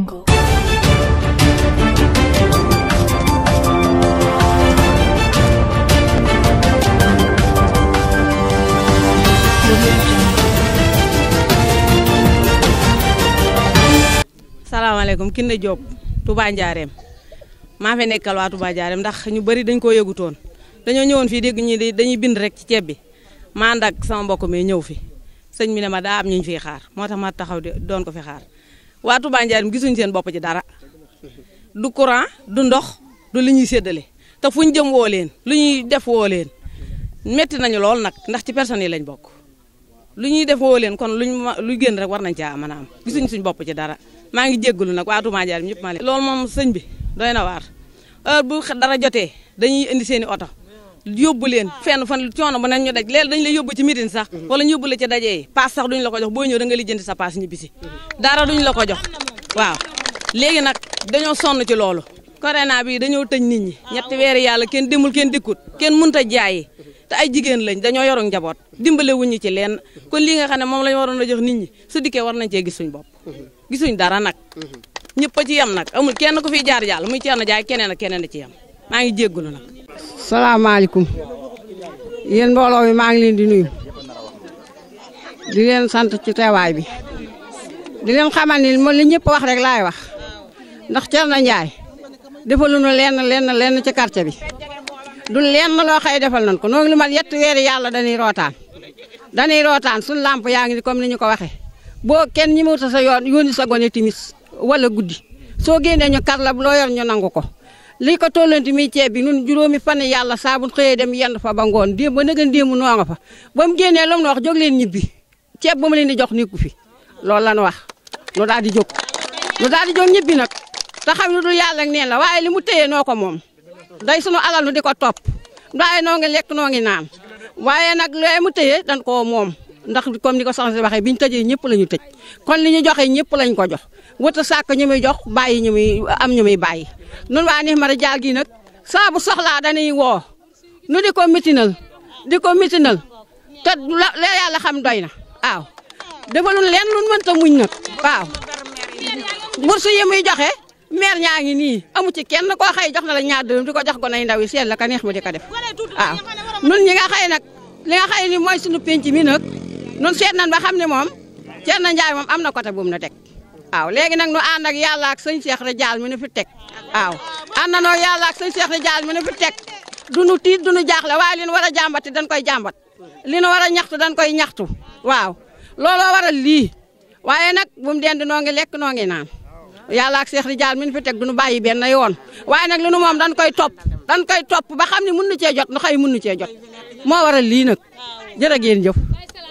Jungle. salaamaaleykum Kiné Diop Touba maa fi nekkal waa Touba ndax ñu bari dañ ko yëgutoon dañoo ñëwoon fii dégg dañuy bind rek ci ceeb bi ma ak sama mbokk mi ñëw fi sëñ bi ne ma daa am ñu ñu fiy xaar moo tax ma taxaw doon ko fi xaar waatu Touba Njaarim gisuñ seen bopp ci dara du courant du ndox du li ñuy séddale te fu ñu jëm woo leen lu ñuy def woo leen métti nañu lool nag ndax ci personnes yi lañ bokk lu ñuy def woo kon luñ ma lu génn rek war nañ caa mën a am gisuñ suñ bopp ci dara maa ngi jéggalu nag waatu Touba Njaarim ñëpp maa leen. loolu moom sëñ bi doy na waar heure bu dara jotee dañuy indi seen oto. yóbbu leen fenn fan coono ba nañ ñu daj leel dañ lay yóbbu ci mitin sax mm-hmm. wala ñu yóbbu la ci daje yi paas sax duñ la ko jox boo ñëw da nga lijjanti sa paas ñibbisi mm-hmm. dara duñ la ko jox waaw léegi nag dañoo sonn ci loolu corona bi dañoo tëj nit ñi ah, ñetti weer yàlla kenn demul kenn dikkut kenn mënta jaayi mm-hmm. te ay jigéen lañ dañoo yoroon njaboot dimbale wuñu ci leen kon lii nga xam ne moom lañ waroon a jox nit ñi su dikkee war nañ cee gis bopp gisuñ dara nag ñëpp a ci yem nag amul kenn ku fi jaar jàll muy ceerno jaay keneen ak keneen a ci yem maa ngi jéggulu nag salaamaaleykum yéen mbooloo mi maa ngi leen di nuyu di leen sant ci teewaay bi di leen xamal ni man li ñëpp wax rek laay wax ndax Thierno Ndiaye nu lenn lenn lenn ci quartier bi du lenn loo xëy defal nañ ko noo lu mat yetti weeri yàlla dañuy rootaan dañuy rootaan suñu làmp yaa ngi ni comme ni ñu ko waxee boo kenn ñi mu sa yoon yónni sa gone timis wala guddi soo génnee ñu kar la loo yor ñu nangu ko li ko tollanti mi ceeb bi nun juróomi fan yàlla saa bu dem yenn fa ba ngoon démb ba mu démb noo nga fa ba mu génnee lu mu wax jóg leen ñibbi ceeb ba mu leen di jox nekku fi loolu lan wax nu daal di jóg nu daal di jóg ñibbi nag te xam ne du yàlla neen la waaye li mu téye noo ko moom day sunu alal nu di ko topp waaye noo ngi lekk noo ngi naan waaye nag looy mu téye dañ koo moom ndax comme ni ko soxna si waxee bi ñu tëjee ñëpp la ñu tëj kon li ñu joxe ñëpp lañ ko jox wëta sàkk ñu muy jox bàyyi ñu muy am ñu muy bàyyi nun waa Nix ma Jaal gi nag saa bu soxlaa dañuy woo nu di ko mitinal di ko mitinal te la yàlla xam doy na waaw dafa lun leen lun mënta muñ nag waaw bourse yi muy joxe maire ñaa ngi nii amu ci kenn koo xëy jox na la ñaar di ko jox gone yu ndaw yi seen la ka neex ma di ko def waaw nun ñi nga xëy nag li nga xëy ni mooy sunu penc mi nag nun seet nan ba xam ne moom Thierno Ndiaye moom am na côté bu na teg waaw léegi nag nu ànd ak yàlla ak sëñ Cheikh Ridial mi nu fi teg waaw ànd nañoo yàlla ak sëñ Cheikh Ridial mi nu fi tek du nu tiit du nu jaaxle waaye li nu war a jàmbati dañ koy jàmbat li nu war a ñaxtu dañ koy ñaxtu waaw looloo waral lii waaye nag bu mu dend noo ngi lekk noo ngi naan yàlla ak Cheikh Ridial mi nu fi teg du nu bàyyi benn yoon waaye nag li nu moom dañ koy topp dañ koy topp ba xam ni mun nu cee jot nu xëy mun nu cee jot moo wara lii nag jërë ngeen jëf.